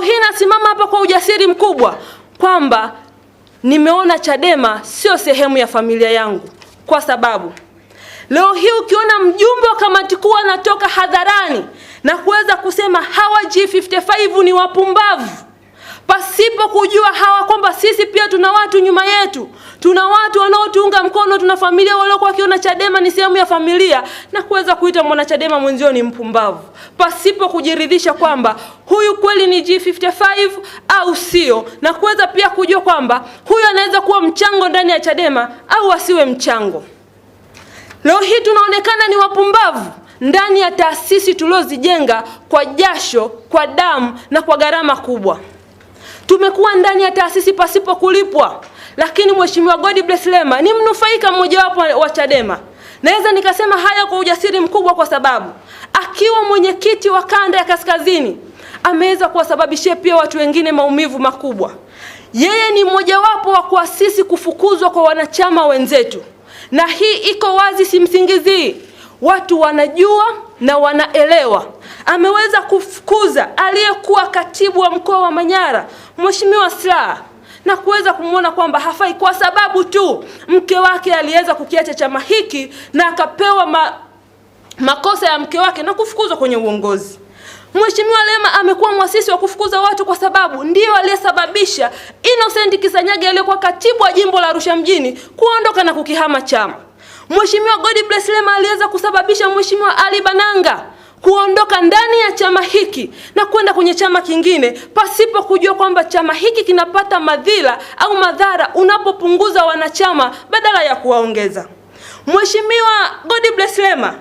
Leo hii nasimama hapa kwa ujasiri mkubwa kwamba nimeona Chadema sio sehemu ya familia yangu, kwa sababu leo hii ukiona mjumbe wa kamati kuu anatoka hadharani na kuweza kusema hawa G55 ni wapumbavu pasipo kujua hawa kwamba sisi pia tuna watu nyuma yetu, tuna watu wanaotuunga mkono, tuna familia waliokuwa wakiona Chadema ni sehemu ya familia na kuweza kuita mwanachadema mwenzio ni mpumbavu, pasipo kujiridhisha kwamba huyu kweli ni G55 au sio, na kuweza pia kujua kwamba huyu anaweza kuwa mchango ndani ya Chadema au asiwe mchango. Leo hii tunaonekana ni wapumbavu ndani ya taasisi tuliozijenga kwa jasho, kwa damu na kwa gharama kubwa. Tumekuwa ndani ya taasisi pasipo kulipwa, lakini Mheshimiwa God bless Lema ni mnufaika mmojawapo wa Chadema. Naweza nikasema haya kwa ujasiri mkubwa, kwa sababu akiwa mwenyekiti wa kanda ya kaskazini ameweza kuwasababishia pia watu wengine maumivu makubwa. Yeye ni mmojawapo wa kuasisi kufukuzwa kwa wanachama wenzetu, na hii iko wazi, simsingizii. Watu wanajua na wanaelewa ameweza kufukuza aliyekuwa katibu wa mkoa wa Manyara Mheshimiwa Slaa na kuweza kumwona kwamba hafai kwa sababu tu mke wake aliweza kukiacha chama hiki na akapewa ma, makosa ya mke wake na kufukuzwa kwenye uongozi. Mheshimiwa Lema amekuwa mwasisi wa kufukuza watu kwa sababu ndiyo aliyesababisha Innocent Kisanyage aliyekuwa katibu wa jimbo la Arusha mjini kuondoka na kukihama chama. Mheshimiwa Godbless Lema aliweza kusababisha Mheshimiwa Ali Bananga kuondoka ndani ya chama hiki na kwenda kwenye chama kingine pasipo kujua kwamba chama hiki kinapata madhila au madhara unapopunguza wanachama badala ya kuwaongeza. Mheshimiwa bless Lema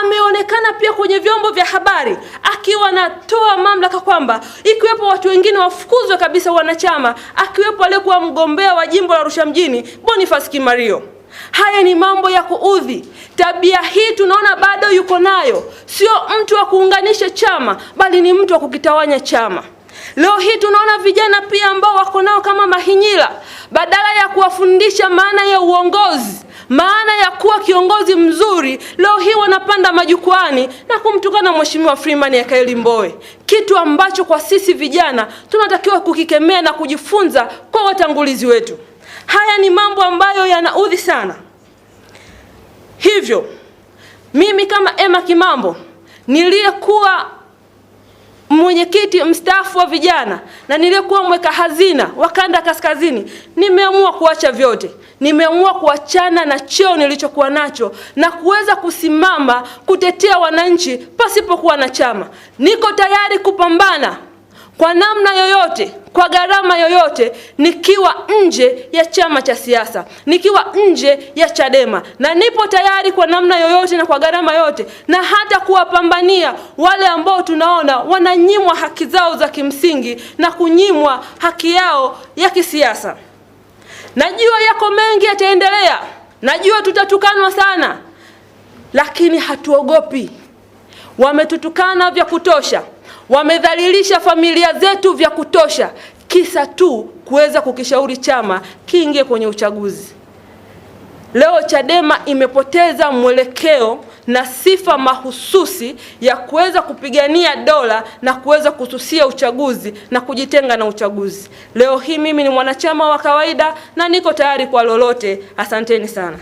ameonekana pia kwenye vyombo vya habari akiwa anatoa mamlaka kwamba ikiwepo watu wengine wafukuzwe kabisa wanachama, akiwepo aliyekuwa mgombea wa jimbo la Arusha mjini Boniface Kimario. Haya ni mambo ya kuudhi. Tabia hii tunaona bado yuko nayo, sio mtu wa kuunganisha chama, bali ni mtu wa kukitawanya chama. Leo hii tunaona vijana pia ambao wako nao kama mahinyila, badala ya kuwafundisha maana ya uongozi, maana ya kuwa kiongozi mzuri, leo hii wanapanda majukwani na kumtukana Mheshimiwa Freeman Aikaeli Mbowe, kitu ambacho kwa sisi vijana tunatakiwa kukikemea na kujifunza kwa watangulizi wetu. Haya ni mambo ambayo yanaudhi sana. Hivyo mimi kama Emma Kimambo niliyekuwa mwenyekiti mstaafu wa vijana na niliyekuwa mweka hazina wa kanda kaskazini, nimeamua kuacha vyote. Nimeamua kuachana na cheo nilichokuwa nacho na kuweza kusimama kutetea wananchi pasipokuwa na chama. Niko tayari kupambana kwa namna yoyote, kwa gharama yoyote, nikiwa nje ya chama cha siasa, nikiwa nje ya Chadema, na nipo tayari kwa namna yoyote na kwa gharama yote, na hata kuwapambania wale ambao tunaona wananyimwa haki zao za kimsingi na kunyimwa haki yao ya kisiasa. Najua yako mengi yataendelea, najua tutatukanwa sana, lakini hatuogopi. Wametutukana vya kutosha. Wamedhalilisha familia zetu vya kutosha, kisa tu kuweza kukishauri chama kiingie kwenye uchaguzi. Leo Chadema imepoteza mwelekeo na sifa mahususi ya kuweza kupigania dola na kuweza kususia uchaguzi na kujitenga na uchaguzi. Leo hii mimi ni mwanachama wa kawaida na niko tayari kwa lolote. Asanteni sana.